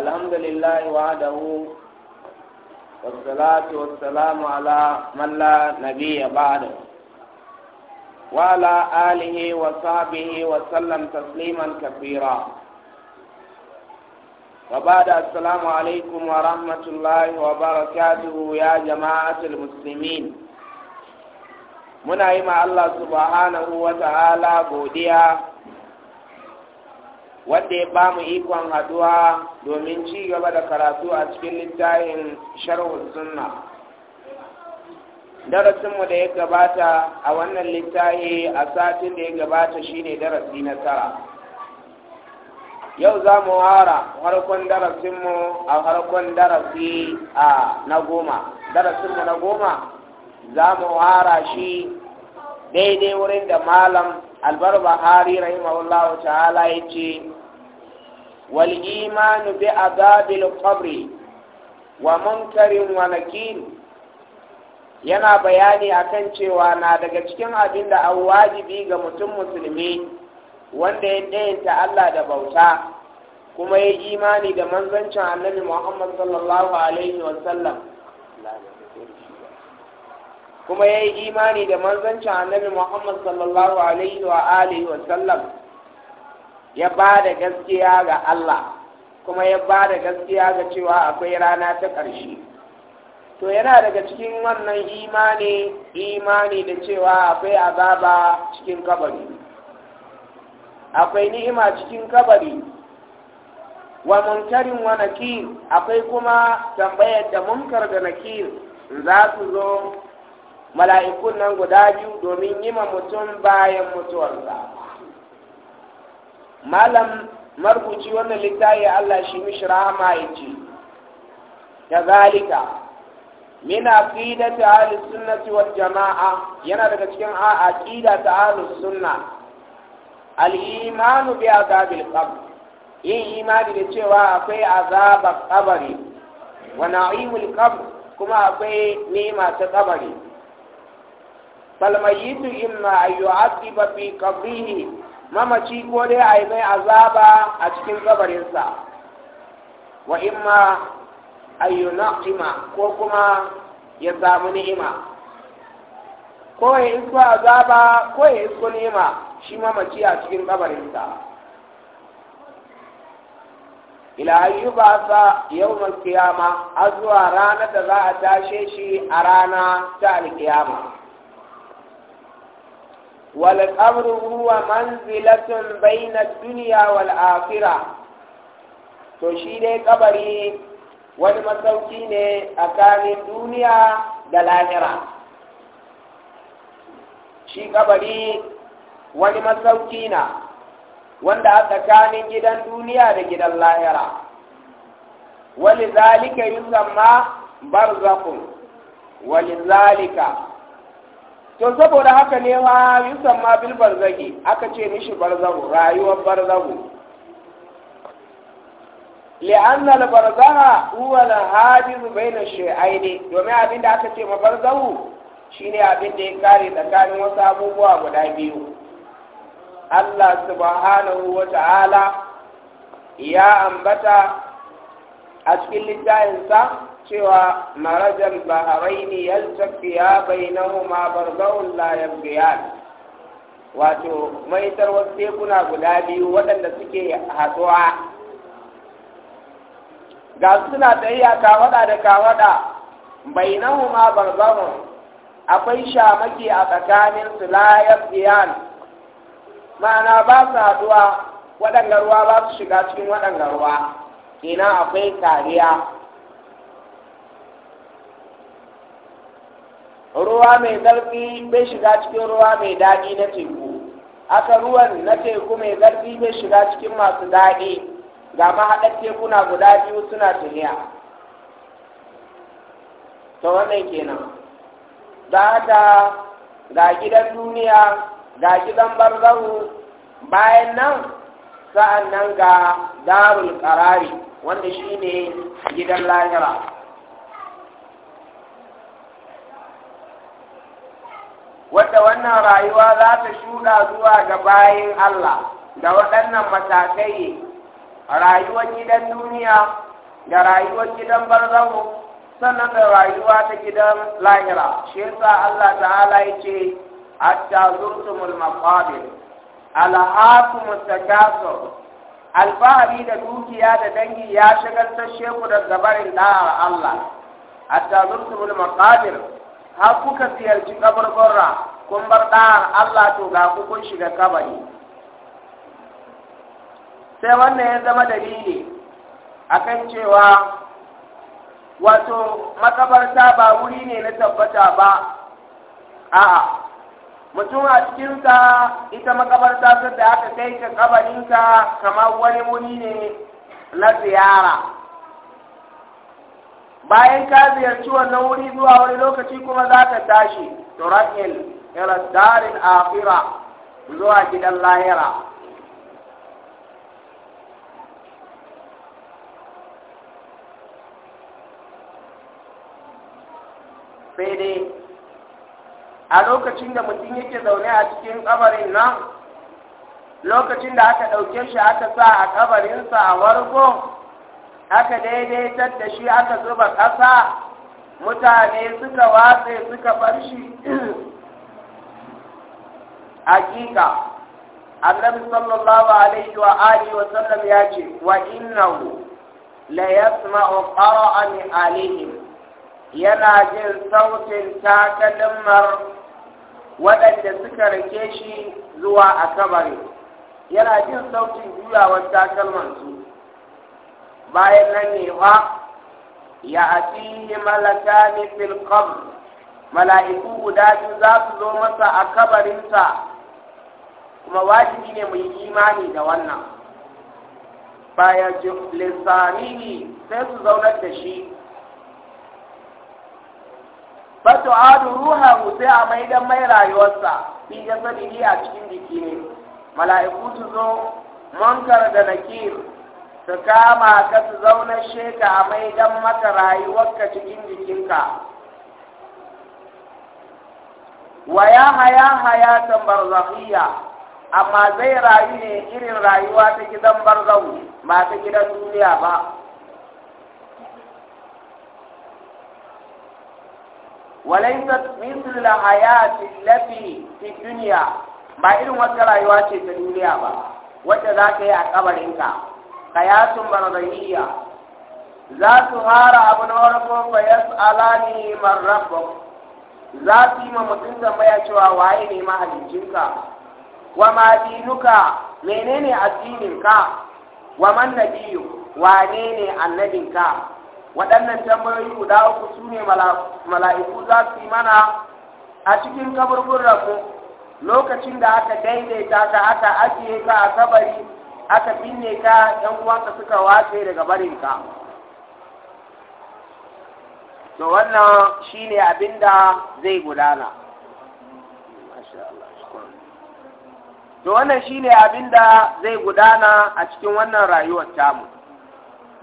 الحمد لله وعده والصلاة والسلام على من لا نبي بعده وعلى آله وصحبه وسلم تسليما كثيرا وبعد السلام عليكم ورحمة الله وبركاته يا جماعة المسلمين muna yi ma Allah subhanahu wa ta'ala godiya wanda ya ba mu ikon haduwa domin ci gaba da karatu a cikin littafin sharhun sunna darasinmu da ya gabata a wannan littafi a satin da ya gabata shine darasi na tara yau za mu hara harkon darasinmu a harkon darasi a na goma darasin darasinmu na goma za mu hara shi daidai wurin da malam albar bahari rahimahullah ta'ala yace wal iman bi azabil qabr wa munkarin wa nakir yana bayani akan cewa na daga cikin abin da an wajibi ga mutum musulmi wanda ya ɗayanta Allah da bauta kuma ya imani da manzancin annabi Muhammad sallallahu alaihi wa kuma ya yi imani da manzancin annabi Muhammad sallallahu alaihi wa alihi wa sallam ya ba da gaskiya ga Allah kuma ya ba da gaskiya ga cewa akwai rana ta ƙarshe to yana daga cikin wannan imani imani da cewa akwai azaba cikin kabari akwai ni'ima cikin kabari wa munkarin wa nakir akwai kuma tambayar da munkar da nakir za su zo mala'ikun nan guda biyu domin yi ma mutum bayan mutuwarsa malam marubuci, wannan littafi Allah shi mishi rahama ya ce zalika min aqidati ahli sunnati wal jamaa yana daga cikin aqida ta ahli sunna al iman bi azabil qabr yin imani da cewa akwai azabar kabari wa na'imul qabr kuma akwai ni'ima ta kabari falmayitu imma an babi fi qabrihi mamaci ko dai a yi mai azaba a cikin kabarinsa wa imma an yunaqima ko kuma ya samu ni'ima ko ya isko azaba ko ya isko ni'ima shi mamaci a cikin kabarinsa ila ba sa yau kiyama a zuwa ranar da za a tashe shi a rana ta alkiyama والقبر هو منزلة بين الدنيا والآخرة to shi dai kabari wani masauki ne tsakanin duniya da lahira shi kabari wani masauki na wanda a tsakanin gidan duniya da gidan lahira wali zalika yi zama barzakun wali zalika to saboda haka ne ma ma bil barzaki aka ce mishi barzahu rayuwar barzahu barzaha huwa هو الحاجز بين shay'aini domin abinda aka ce ma barzahu shine abin da ya kare tsakanin wasu abubuwa guda biyu Allah subhanahu wa ta'ala ya ambata a cikin littafinsa cewa marajan baharaini yaltaqiya bainahuma barzaun layan biyar wato maitar wasu tekuna guda biyu waɗanda suke hatsuwa ga suna a kawada da kawada bainahuma barzaun akwai shamaki a tsakanin su layan biyar ma'ana ba su hatsuwa waɗanda ruwa ba su shiga cikin waɗanda ruwa kenan akwai kariya ruwa mai zarfi bai shiga cikin ruwa mai daɗi na teku aka ruwan na teku mai zarfi bai shiga cikin masu daɗi ga mahaɗar na guda biyu suna tuniya ta wannan kenan za ta ga gidan duniya ga gidan barzahu bayan nan sa'an nan ga darul ƙarari wanda shine gidan lahira wadda wannan rayuwa za ta shuɗa zuwa ga bayan Allah da waɗannan matakai rayuwar gidan duniya da rayuwar gidan barzahu sannan da rayuwa ta gidan lahira shi yasa Allah ta'ala a hatta zurtumul maqabir alhaqum takasur alfahari da dukiya da dangi ya shagaltar sheku da gabarin da Allah hatta zurtumul maqabir har kuka ziyarci kabarbarra kun bar da Allah to ga ku kun shiga kabari sai wannan ya zama dalili akan cewa wato makabarta ba wuri ne na tabbata ba a'a mutum a cikinsa ita makabarta sun da aka kai ka kabarinka kamar wani wuni ne na ziyara bayan ka ziyarci wannan wuri zuwa wani lokaci kuma za ka tashi turakil ila darin akhira zuwa gidan lahira sai dai a lokacin da mutum yake zaune a cikin kabarin nan lokacin da aka ɗauke shi aka sa a kabarinsa a wargo aka daidaitar da shi aka zuba ƙasa mutane suka watse suka bar shi hakika annabi sallallahu alaihi wa alihi wa sallam ya ce wa innahu la yasma'u qara'an alaihim yana jin sautin takalmar waɗanda suka rike shi zuwa a kabari yana jin sautin juyawar takalmansu bayan nan ne fa ya atihi malaka ne filkom mala'iku guda biyu za su zo masa a kabarinsa kuma wajibi ne mai imani da wannan baya lisanihi sai su zaunar da shi ba ruha mu sai a mai dan mai rayuwarsa fi jasadihi a cikin jiki ne mala'iku su zo munkar da nakir su kama ka su zauna sheka a mai dan maka rayuwarka cikin jikinka wa ya haya barzakhiya amma zai rayu ne irin rayuwa ta gidan barzahu ba ta gidan duniya ba walaisat misl hayati lati fi dunya ba irin wata rayuwa ce ta duniya ba wacce za ka yi a kabarinka kayatun barzaniya za su hara abun na farko fa yas'alani man za su yi ma mutum tambaya cewa waye ne mahalicinka wa ma dinuka menene addininka wa man nabiyyu wane ne annabinka waɗannan tambayoyi guda uku su ne mala'iku za su yi mana a cikin kaburburranmu lokacin da aka daidaita ka aka ajiye ka a kabari aka binne ka ‘yan uwanka suka wace daga barinka to wannan shi ne abin da zai gudana to wannan shi ne abin da zai gudana a cikin wannan rayuwar tamu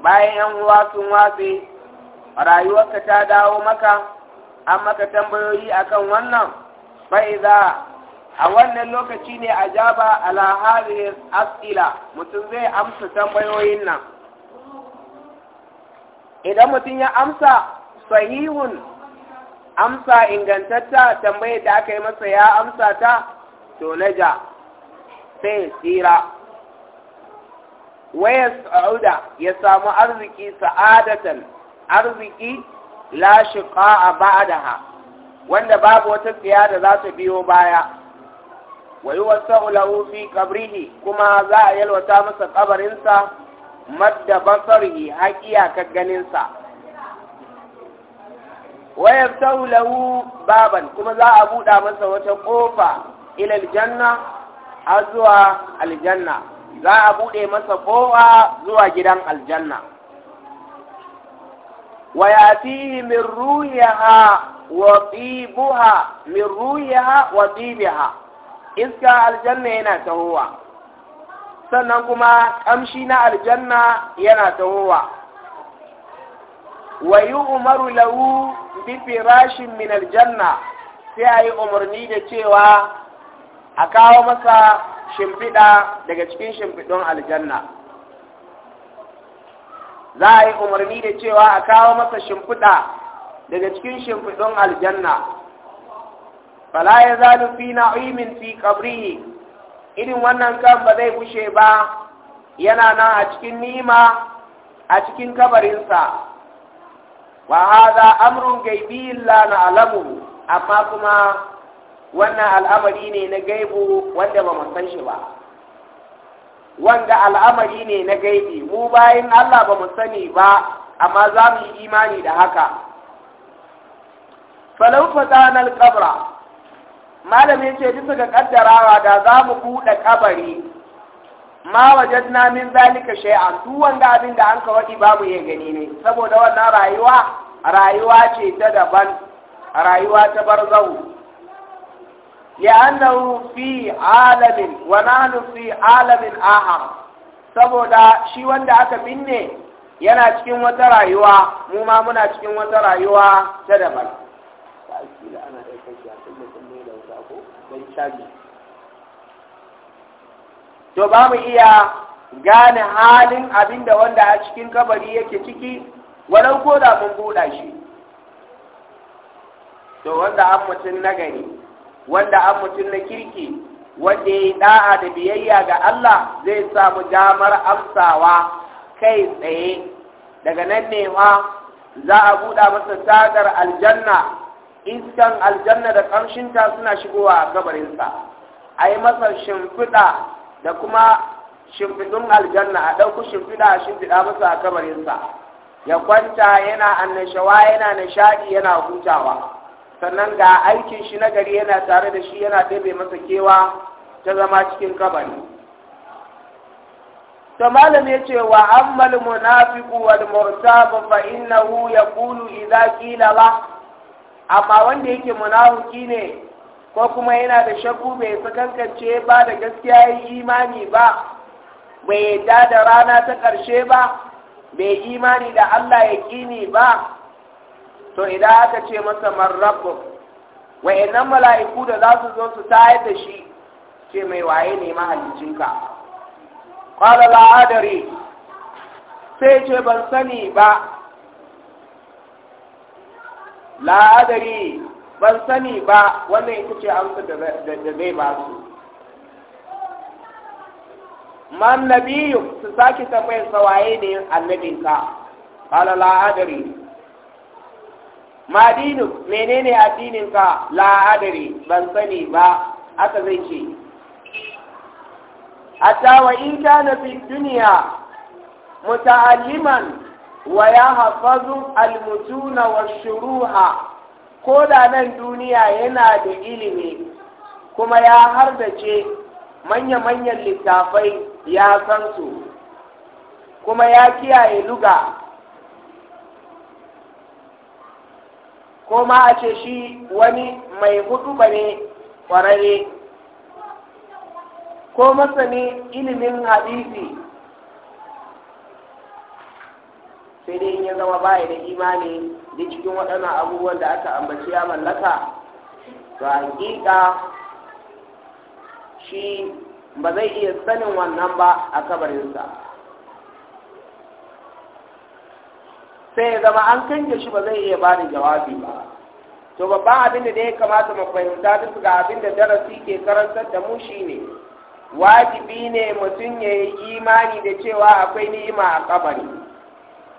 bayan yan uwa sun watse rayuwarka ta dawo maka an maka tambayoyi akan wannan za a wannan lokaci ne a jaba alhazirin as'ila mutum zai amsa tambayoyin nan idan mutum ya amsa sahihun amsa ingantatta tambayar da aka yi masa ya amsa ta to naja sai tsira waya sa'uda ya samu arziki sa'adatan arziki la shiqa'a ba'daha wanda babu wata tsiya da za ta biyo baya wa yuwassahu lahu fi qabrihi kuma za a yalwata masa kabarinsa madda basarihi haqiya ka ganinsa wa yaftahu lahu baban kuma za a buɗa masa wata ƙofa ila aljanna har zuwa aljanna za a buɗe masa kowa zuwa gidan aljanna wa yatihi min ruhiha wa tibuha min ruhiha wa tibiha iska aljanna yana tahowa sannan kuma kamshi na aljanna yana tahowa wa yu'maru lahu bi firashin min aljanna sai ayi umarni da cewa a kawo masa shimfiɗa daga cikin shimfiɗon aljanna za a yi umarni da cewa a kawo masa shimfiɗa daga cikin shimfiɗon aljanna Bala ya zalu fi na'imin fi qabrihi irin wannan kan ba zai bushe ba yana nan a cikin nima a cikin kabarinsa wa haza amrun gaibi la alamu, amma kuma wannan al'amari ne na gaibu wanda ba mu san shi ba wanda al'amari ne na gaibi mu bayan Allah ba mu sani ba amma za mu yi imani da haka falau fatanar kabra malamin ce bisa ga kaddarawa da za mu buɗe ƙabari. ma wajen namin zalika shay'an duk wanda abin da an kawai ba mu gani ne saboda wannan rayuwa rayuwa ce ta daban rayuwa ta barzahu لأنه في عالم ونحن في عالم آخر saboda shi wanda aka binne yana cikin wata rayuwa mu ma muna cikin wata rayuwa ta daban to ba mu iya gane halin abinda wanda a cikin kabari yake ciki walau ko da mun buɗa shi to wanda an mutum na gani wanda an mutum na kirki wanda ya yi da'a da biyayya ga Allah zai samu damar amsawa kai tsaye daga nan ne ma za a buɗa masa sadar aljanna iskan aljanna da ƙamshinta suna shigowa a kabarinsa a yi masa shimfiɗa da kuma shimfiɗin aljanna a ɗauku shimfiɗa a shimfiɗa masa a kabarinsa ya kwanta yana annashawa yana nishaɗi yana hutawa sannan ga aikin shi nagari yana tare da shi yana ɗebe masa kewa ta zama cikin kabari Ta malam ya ce wa ammal munafiqu wal murtab fa innahu yaqulu idza qila la amma wanda yake munafiki ne ko kuma yana da shakku bai sakankance ba da gaskiya yi imani ba bai yadda da rana ta ƙarshe ba bai imani da Allah ya kini ba to idan aka ce masa wai wa'annan mala'iku da za su zo su tayar da shi ce mai waye ne mahalicinka qala la sai ce ban sani ba la ban sani ba wannan ita ce amsa da zai ba su man nabiyu su sake tambayar sawaye waye ne annabinka qala la adari ma dinu menene addininka la adari ban sani ba aka zai ce hatta wa in kana fi dunya muta'alliman wa ya hafazu almutuna wa ko da nan duniya yana da ilimi kuma ya hardace manya-manyan littafai ya san su kuma ya kiyaye luga ko ma a ce shi wani mai hudu bane ne ko masani ilimin hadisi sai dai in ya zama baya da imani da cikin waɗannan abubuwan da aka ambaci ya mallaka to hakika shi ba zai iya sanin wannan ba a kabarinsa. sai ya zama an canje shi ba zai iya ba da jawabi ba to babban abin da ya kamata mu fahimta duk ga abin da darasi ke karantar da mu shine wajibi ne mutum ya yi imani da cewa akwai ni'ima a kabari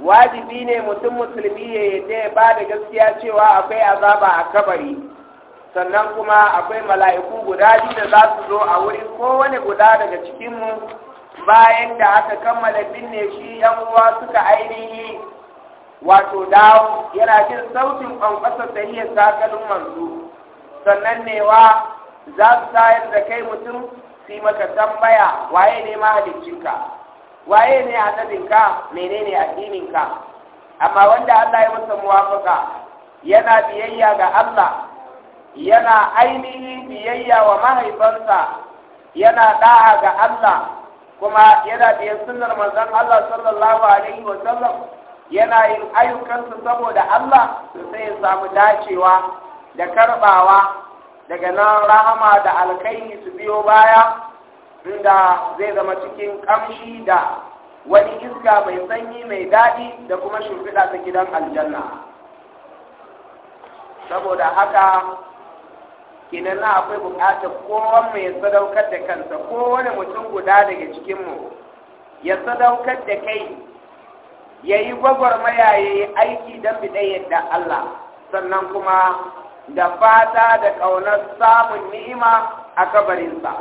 wajibi ne mutum musulmi ya yadda ya ba da gaskiya cewa akwai azaba a kabari sannan kuma akwai mala'iku guda biyu da za su zo a wurin kowane guda daga cikinmu bayan da aka kammala binne shi yan uwa suka ainihi wato dawo yana jin sautin kwankwasar da iya sakalin manzo sannan newa za su tayar da kai mutum su maka tambaya waye ne mahaliccinka waye ne annabinka menene addininka amma wanda Allah ya masa muwafaka yana biyayya ga Allah yana ainihin biyayya wa mahaifansa yana da'a ga Allah kuma yana biyan sunnar manzon Allah sallallahu alaihi wa sallam yana yin ayyukansa saboda Allah sai ya samu dacewa da karbawa daga nan rahama da alkaini su biyo baya inda zai zama cikin kamshi da wani iska mai sanyi mai daɗi da kuma shimfiɗa ta gidan aljanna saboda haka kinan akwai buƙatar kowan mai sadaukar da kansa kowane mutum guda daga cikinmu ya sadaukar da kai ya yi gwagwarmaya ya yi aiki don biɗe yadda Allah sannan kuma da fata da ƙaunar samun ni'ima a kabarinsa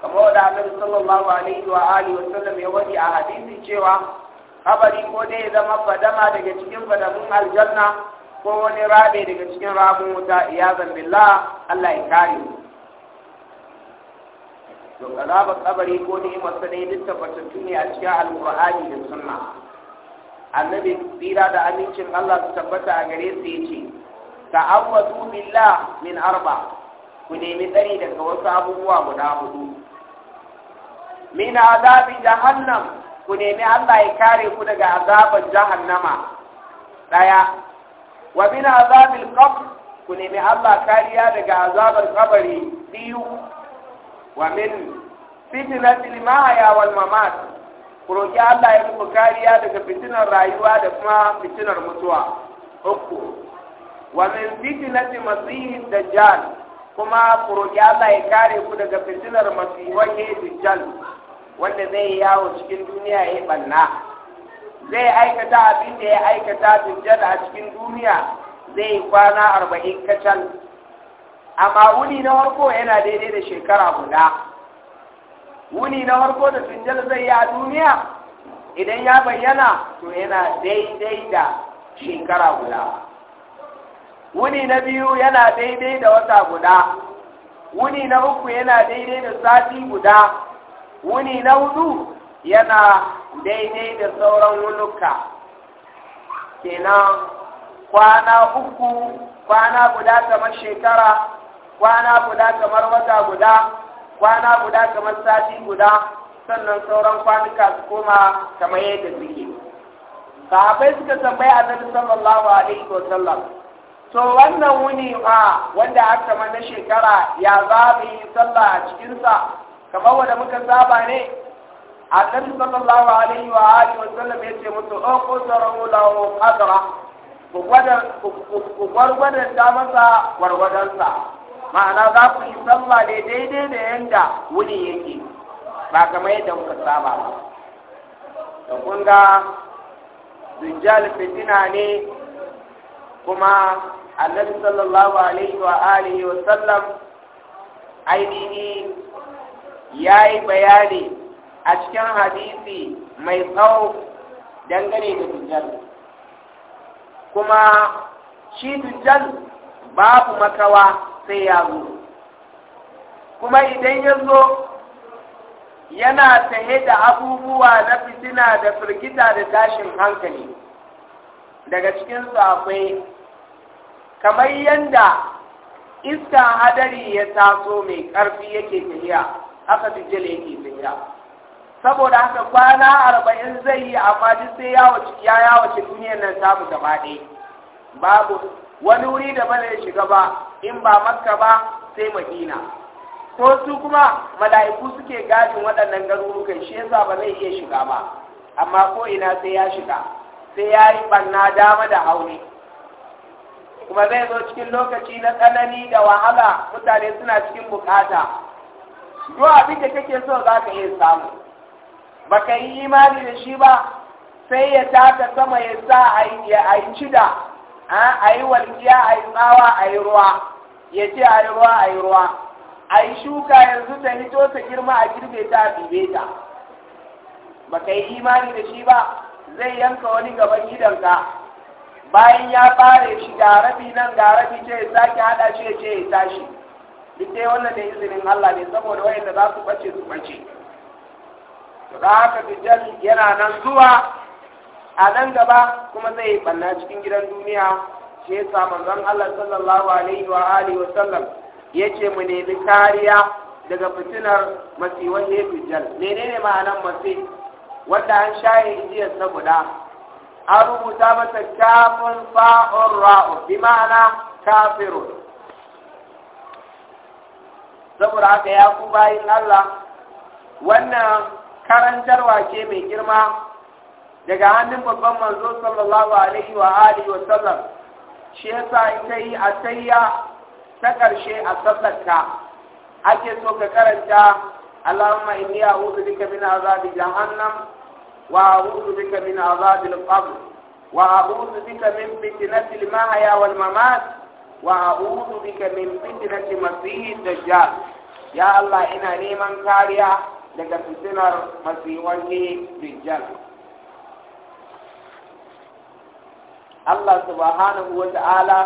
kamar da annabi sallallahu alaihi wa alihi wasallam ya wani a hadisi cewa kabari ko dai ya zama fadama daga cikin fadamun aljanna ko wani rabe daga cikin rabin wuta iyazan billah Allah ya kare mu to ba kabari ko ni'imar sa dai duk tabbatattu ne a cikin alqur'ani da sunna annabi tsira da amincin Allah su tabbata a gare su yace ta'awwadu billah min arba ku nemi tsari daga wasu abubuwa guda hudu min azabi jahannam ku nemi Allah ya kare ku daga azaban jahannama daya wa min azabi qabr ku nemi Allah kariya daga azabar kabari biyu wa min fitnatil mahya wal mamat Kuroki Allah ya muku kariya daga fitinar rayuwa da kuma fitinar mutuwa uku wa min fitnati da dajjal kuma kuroki Allah ya kare ku daga fitinar masihon dajjal wanda zai yawo cikin duniya ya banna zai aikata abin da ya aikata dajjal a cikin duniya zai kwana arba'in kacal amma wuni na farko yana daidai da shekara guda wuni na farko da dujjal zai yi a duniya idan ya bayyana to yana daidai da shekara guda wuni na biyu yana daidai da wata guda wuni na uku yana daidai da sati guda wuni na hudu yana daidai da sauran wuluka kenan kwana uku kwana guda kamar shekara kwana guda kamar wata guda kwana guda kamar sati guda sannan sauran kwanuka su koma kamar yadda suke sahabai suka tambayi annabi sallallahu alaihi wa sallam to wannan wuni ma wanda aka na shekara ya za mu yi sallah a cikinsa kamar wanda muka saba ne annabi sallallahu alaihi wa alihi wa sallam ya ce musu o oh, qadara lahu qadra ku gwada ku gwargwadanta masa gwargwadonsa ma'ana za ku yi sallah ne daidai da yanda wuni yake ba kamar yadda kuka saba ba da kun ga dujjal fitina ne kuma annabi sallallahu alaihi wa alihi wa sallam ainihi yayi bayani a cikin hadisi mai tsawo dangane da dujjal kuma shi dujjal babu makawa sai ya zo kuma idan ya zo yana tahe da abubuwa na fitina da firgita da tashin hankali daga cikinsu akwai kamar yadda iska hadari ya taso mai ƙarfi yake tahiya haka dijjal yake tahiya saboda haka kwana arba'in zai yi amma duk sai ya yawace duniyar nan samu gaba ɗaya babu wani wuri da bane ya shiga ba in ba makka ba sai madina ko su kuma mala'iku suke gadin waɗannan garurukan shi yasa ba zai iya shiga ba amma ko ina sai ya shiga sai ya yi banna dama da haure kuma zai zo cikin lokaci na tsanani da wahala mutane suna cikin bukata duk abin da kake so za ka iya samu Ba ka yi imani da shi ba sai ya taka sama ya sa a yi cida a yi walƙiya a yi tsawa a yi ruwa ya ce a yi ruwa a yi ruwa a yi shuka yanzu ta hito ta girma a girbe ta a bibe ta ba ka yi imani da shi ba zai yanka wani gaban gidanka bayan ya fare shi ga nan ga ce ya sake haɗa shi ya ce ya tashi duk dai wannan da izinin Allah ne saboda wayanda za su bace su bace to da haka yana nan zuwa a nan gaba kuma zai yi banna cikin gidan duniya shi ya yasa manzon Allah sallallahu alaihi wa alihi wa sallam yace mu nemi kariya daga fitinar masiwan Mene menene ma'anar masi wanda an shaye ijiyar sa guda an rubuta masa kafin fa'on ra'u bi ma'ana kafiru. saboda haka ya ku bayin Allah wannan karantarwa ce mai girma daga hannun babban manzo sallallahu alaihi wa alihi wa sallam shi yasa in kai atayya ta karshe a sallarka ake so ka karanta Allahumma inni a'udhu bika min azabi jahannam wa a'udhu bika min azabi al-qabr wa a'udhu bika min fitnati al-mahya wal mamat wa a'udhu bika min fitnati masiih dajjal ya Allah ina neman kariya daga fitinar masiihi dajjal Allah subhanahu wa ta'ala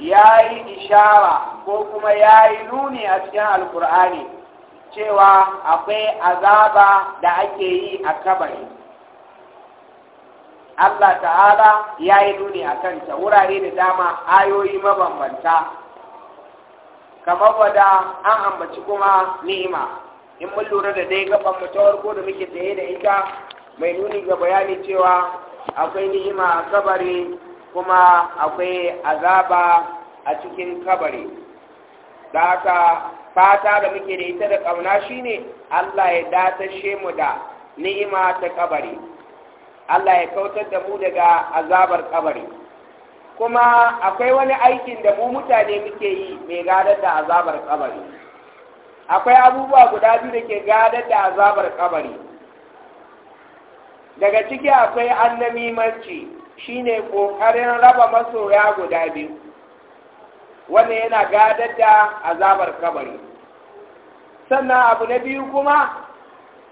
ya yi ishara ko kuma ya yi nuni a cikin alkur'ani cewa akwai azaba da ake yi a kabari Allah ta'ala ya yi nuni a kanta wurare da dama ayoyi mabambanta kamar wadda an ambaci kuma ni'ima in mun lura da dai gaban mu ko da muke tsaye da ita mai nuni ga bayani cewa akwai ni'ima a kabari kuma akwai azaba a cikin kabari da haka fata da muke da ita da ƙauna shine Allah ya datashe mu da ni'ima ta kabari Allah ya kautar da mu daga azabar kabari kuma akwai wani aikin da mu mutane muke yi mai gadar da azabar kabari akwai abubuwa guda biyu da ke gadar da azabar kabari daga ciki akwai annamimanci shine ƙoƙarin raba masoya guda biyu wanda yana gadar da azabar kabari sannan abu na biyu kuma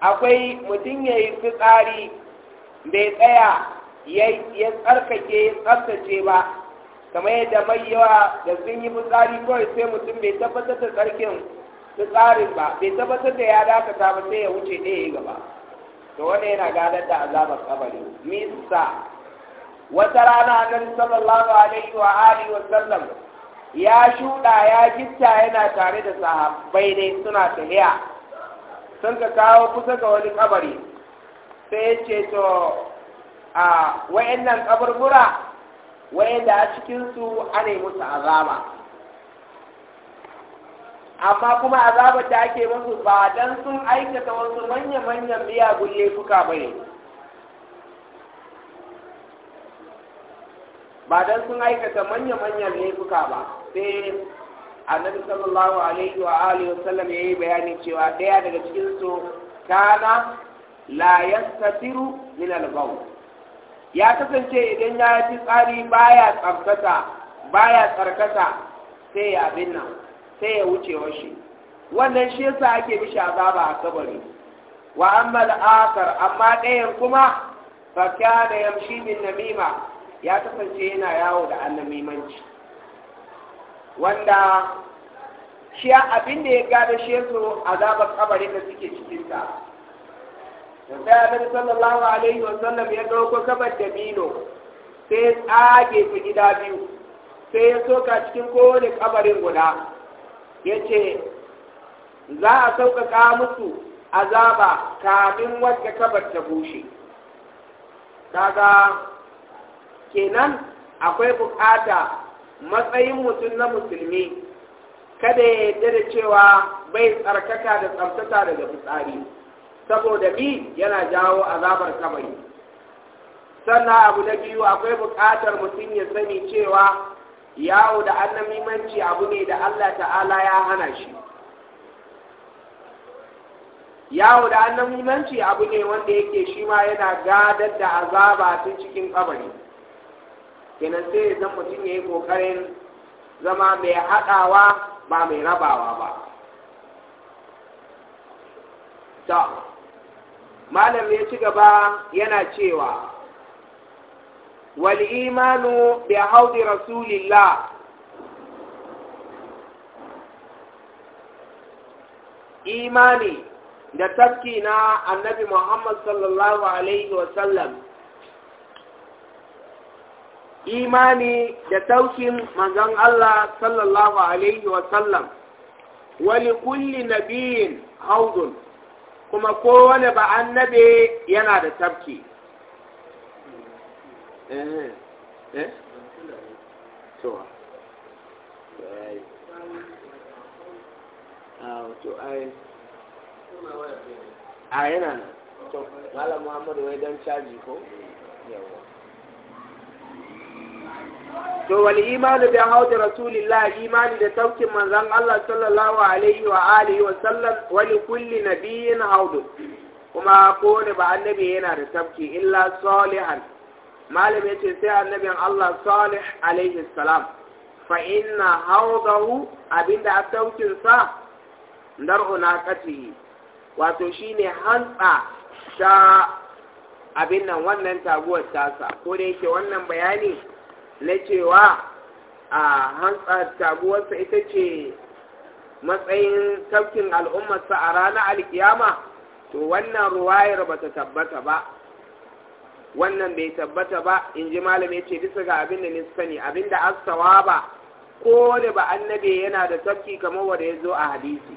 akwai mutum ya yi fitsari bai tsaya ya tsarkake tsaftace ba kamar yadda mai yawa da sun yi fitsari kawai sai mutum bai tabbatar da tsarkin fitsarin ba bai tabbatar da ya dakata ba sai ya wuce ɗaya gaba to wanda yana gadar da azabar kabari misa wata rana nan sallallahu alaihi wa alihi wa sallam ya shuda ya gitta yana tare da sahabbai ne suna tafiya sun ka kawo kusa ga wani kabari sai ya ce to a wayannan kaburbura wayanda a cikin su ne musu azaba amma kuma azabar da ake masu ba dan sun aikata wasu manya-manyan miyagun laifuka ba ne ba dan sun aikata manya-manyan laifuka ba sai annabi sallallahu alaihi wa alihi wasallam yayi bayani cewa daya daga cikin su kana la yastatiru min al ya kasance idan ya fi tsari baya tsarkata baya tsarkata sai ya binna. sai ya wuce shi wannan shi yasa ake mishi azaba a kabari wa amma al'akar amma ɗayan kuma fa kana yamshi min namima ya kasance yana yawo da annamimanci wanda shi abin da ya gada shi yaso azabar kabari da suke cikin ta sai annabi sallallahu alaihi wa sallam ya dauko kabar da bino sai ya tsage ta gida biyu sai ya soka cikin kowane kabarin guda Ya ce za a sauƙaƙa musu azaba kamin wadda kabar ta bushe kaga kenan akwai bukata matsayin mutum na musulmi kada ya yarda da cewa bai tsarkaka da tsabtata daga fitsari saboda bi yana jawo azabar kamari sannan abu na biyu akwai buƙatar mutum ya sani cewa yawo da annamimanci abu ne da Allah ta'ala ya hana shi yawo da annamimanci abu ne wanda yake shi ma yana gadar da azaba tun cikin kabari kenan sai zan mutum ya yi kokarin zama mai haɗawa ba mai rabawa ba ta malam ya ci gaba yana cewa wal imanu bi haudi rasulillah imani da tafki na annabi Muhammad sallallahu Alaihi wasallam imani da taukin manzon Allah sallallahu Alaihi wasallam wani kulli nabiyin haudun kuma kowane ba annabe yana da tafki eh eh to ai ah to ai a ah, yana nan to malam muhammadu wai don caji ko yawa to wal imanu bi hawd rasulillah imani da taukin manzon Allah sallallahu alaihi wa alihi wa sallam wa li kulli nabiyyin hawd kuma kowane ba annabi yana da tafki illa salihan malam ya ce sai annabin Allah salih alaihi salam fa inna haudahu abinda a saukinsa dar'u na kaci wato shine hantsa ta abin nan wannan taguwar tasa ko da yake wannan bayani na cewa a hantsar taguwarsa ita ce matsayin tafkin al'ummarsa a ranar alkiyama to wannan ruwayar ba ta tabbata ba wannan bai tabbata ba in ji malam ya ce bisa ga abin da sani abin da asawa ba ko da ba annabi yana da tafki kamar wanda ya zo a hadisi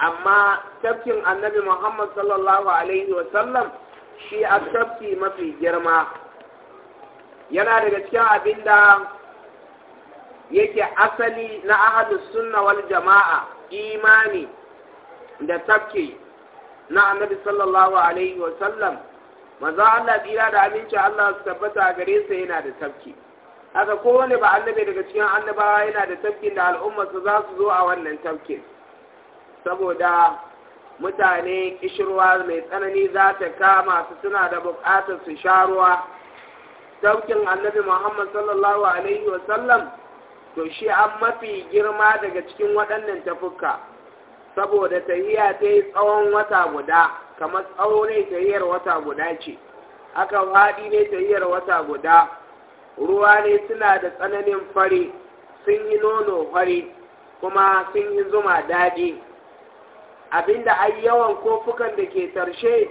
amma tafkin annabi muhammad sallallahu alaihi wa sallam shi a tafki mafi girma yana daga cikin abin da yake asali na ahadu sunna wal jama'a imani da tafki na annabi sallallahu alaihi wa sallam. manzo Allah kira da aminci Allah su tabbata a gare sa yana da tafki haka kowane ba annabi daga cikin annabawa yana da tafkin da al'umma su za su zo a wannan tafkin saboda mutane kishirwa mai tsanani za ta kama su suna da buƙatar su sha ruwa tafkin annabi Muhammad sallallahu alaihi wa sallam to shi an mafi girma daga cikin waɗannan tafuka saboda tahiya ta yi tsawon wata guda kamar tsawo ne yiyar wata guda ce aka faɗi ne yiyar wata guda ruwa ne suna da tsananin fari sun yi nono fari kuma sun yi zuma daɗi abinda ai yawan kofukan da ke tarshe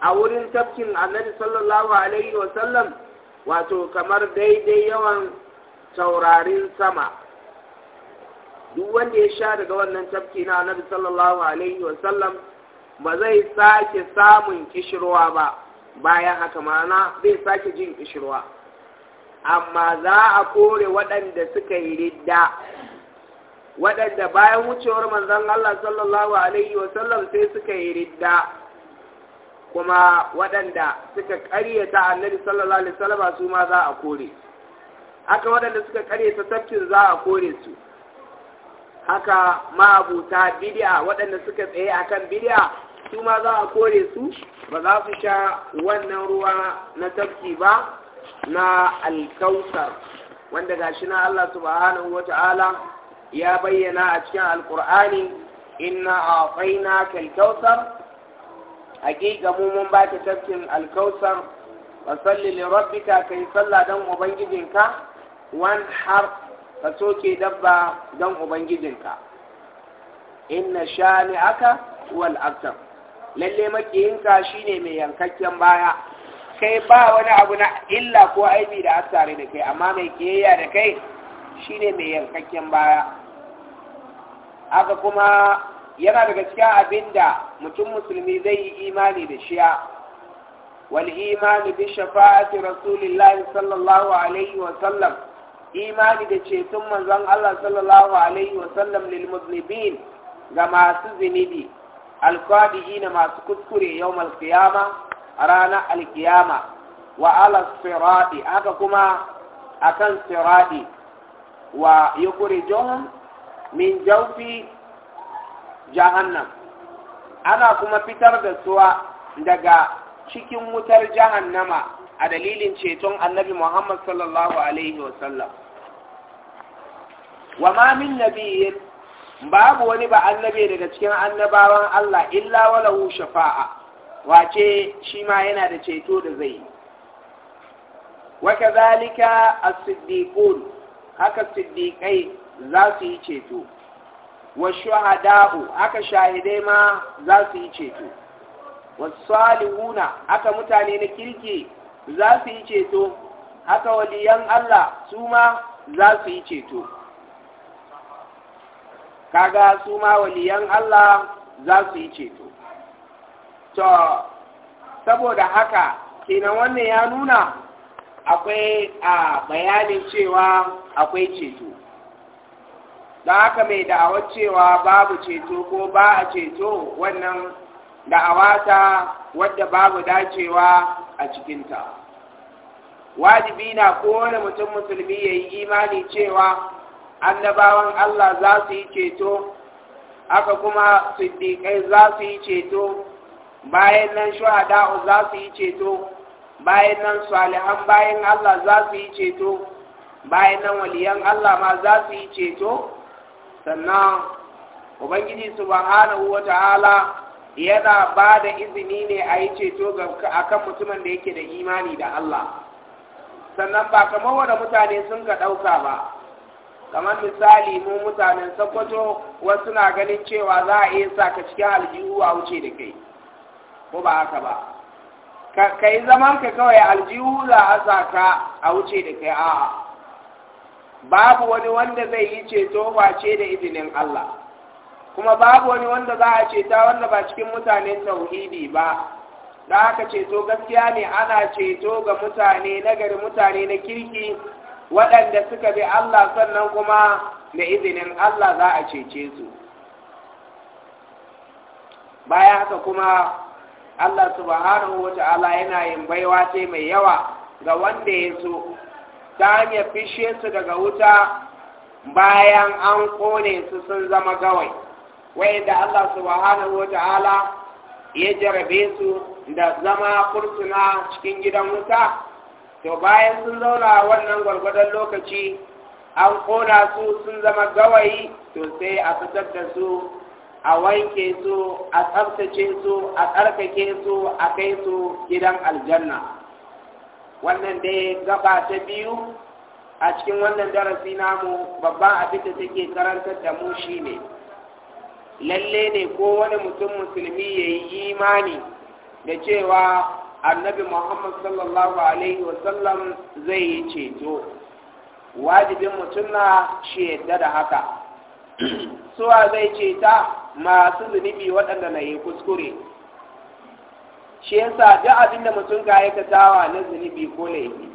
a wurin tafkin annabi sallallahu alaihi wasallam wato kamar daidai yawan taurarin sama duk wanda ya sha daga wannan tafki na annabi sallallahu alaihi wasallam ba zai sake samun kishirwa ba bayan haka mana zai sake jin kishirwa amma za a kore waɗanda suka yi ridda waɗanda bayan wucewar manzan Allah sallallahu alaihi wasallam sai suka yi ridda kuma waɗanda suka ƙaryata annabi sallallahu alaihi wasallam su ma za a kore haka waɗanda suka ƙaryata tafkin za a kore su haka ma abuta bid'a waɗanda suka tsaye akan bid'a su ma za a kore su ba za su sha wannan ruwa na tafki ba na alkausar wanda gashi na Allah subhanahu ta'ala ya bayyana a cikin alkur'ani inna a faina kalkausar hakika mu mun ba ta tafkin alkausar ba. salli li rabbika kai salla dan ubangijinka wan har ka soke dabba don ubangijinka inna ni aka wal lalle makiyinka ne mai yankakken baya kai ba wani abu na illa ko aibi da asare da kai amma mai kiyayya da kai shi ne mai yankakken baya haka kuma yana daga cikin da mutum musulmi zai yi imani da shiya wal imani bi shafa'ati rasulillahi sallallahu alaihi wa sallam imani da ceton manzon Allah sallallahu alaihi wa sallam lil muslimin ga masu zinibi na masu kuskure yawmal qiyama ranar alqiyama wa ala sirati haka kuma akan sirati wa yukhrijuhum min jawfi jahannam ana kuma fitar da suwa daga cikin wutar jahannama a dalilin ceton annabi Muhammad sallallahu alaihi wasallam wa ma min babu wani ba annabi daga cikin annabawan Allah illa walahu shafa'a wace shi ma yana da ceto da zai Wa zalika as-siddiqun haka siddiqai za su yi ceto wa shuhada'u haka shahidai ma za su yi ceto wa salihuna haka mutane na kirki za su yi ceto haka waliyan Allah su ma za su yi ceto kaga su ma waliyan Allah za su yi ceto to saboda haka kenan wannan ya nuna akwai a bayanin cewa akwai ceto da haka mai da'awar cewa babu ceto ko ba a ceto wannan da'awa ta wadda babu dacewa a cikinta wajibi na kowane mutum musulmi ya yi imani cewa annabawan Allah za su yi ceto aka kuma siddiƙai za su yi ceto bayan nan shuhada'u za su yi ceto bayan nan salihan bayan Allah za su yi ceto bayan nan waliyan Allah ma za su yi ceto sannan ubangiji subhanahu wata'ala yana ba da izini ne a yi ceto akan mutumin da yake da imani da Allah sannan ba kamar wanda mutane sun ka ɗauka ba kamar misali mu mutanen sokoto wasu na ganin cewa za a iya sa ka cikin aljihu a wuce da kai ko ba haka ba ka yi zaman ka kawai aljihu za a sa ka a wuce da kai a'a babu wani wanda zai yi ceto ba da izinin Allah kuma babu wani wanda za a ceta wanda ba cikin mutanen tauhidi ba da aka ceto gaskiya ne ana ceto ga mutane nagari mutane na kirki waɗanda suka bi Allah sannan kuma da izinin Allah za a cece su bayan haka kuma Allah subhanahu wa ta'ala yana yin baiwa ce mai yawa ga wanda ya so ta hanyar fishe su daga wuta bayan an kone su sun zama gawai wai da Allah subhanahu wa ta'ala ya jarabe su da zama kursuna cikin gidan wuta to bayan sun zauna wannan gwargwadon lokaci an kona su sun zama gawayi to sai a fitar da su a wanke su a tsabtace su a tsarkake su a kai su gidan aljanna wannan dai gaba ta biyu a cikin wannan darasi namu babban abin da take karantar da mu ne. lalle ne ko wani mutum musulmi ya yi imani da cewa annabi muhammad sallallahu alaihi wasallam zai yi ceto wajibin mutum na shi yadda da haka suwa zai ceta masu zunubi waɗanda na yi kuskure shi yasa duk abin da mutum ka katawa na zunubi ko laifi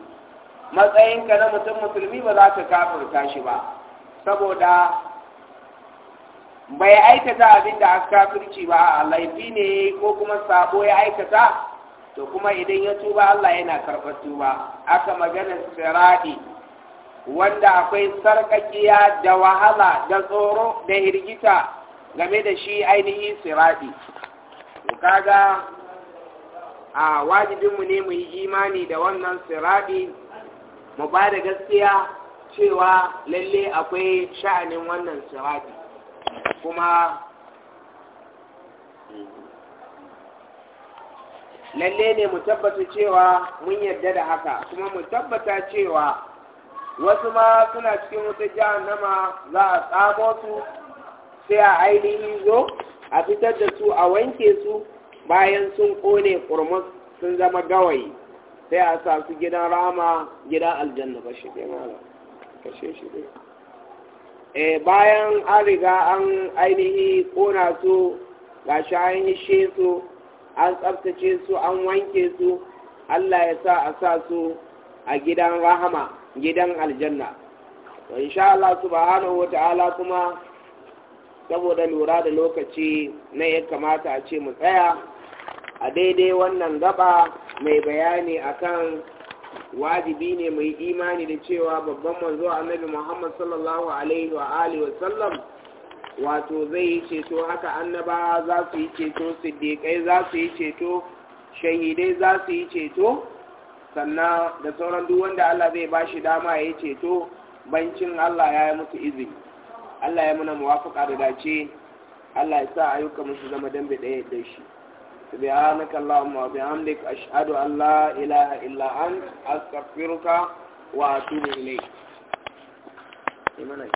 matsayinka na mutum musulmi ba za ka kafirta shi ba saboda bai aikata abin da aka kafirci ba a laifi ne ko kuma sabo ya aikata to kuma idan ya tuba Allah yana karɓar tuba aka magana sirati wanda akwai sarƙaƙiya da wahala da tsoro da hirgita game da shi ainihi sirati to kaga a wajibinmu ne mu yi imani da wannan sirati mu ba da gaskiya cewa lalle akwai sha'anin wannan sirati kuma lalle ne mu tabbata cewa mun yarda da haka kuma mu tabbata cewa wasu ma suna cikin wata jahannama za a tsamo su sai a ainihin zo a fitar da su a wanke su bayan sun kone kurmus sun zama gawayi sai a sa su gidan rama gidan aljanna ba shi kashe shi dai eh, bayan an riga an ainihi kona su ga shi su an tsabtace su an wanke su Allah ya sa a sa su a gidan rahama gidan aljanna insha Allah subhanahu wata'ala kuma saboda lura da lokaci na ya kamata a ce mu tsaya a daidai wannan gaba mai bayani akan wajibi ne mai imani da cewa babban manzo annabi Muhammad sallallahu alaihi wa alihi wa sallam wato zai yi ceto haka Annaba za su yi ceto siddiƙai za su yi ceto shahidai za su yi ceto sannan da sauran duk wanda Allah zai ba shi dama ya yi ceto bancin Allah ya yi musu izini Allah ya muna muwafuka da dace Allah ya sa ayyuka musu zama dambe ɗaya da shi سبحانك اللهم وبحمدك أشهد أن لا إله إلا أنت أستغفرك وأتوب إليك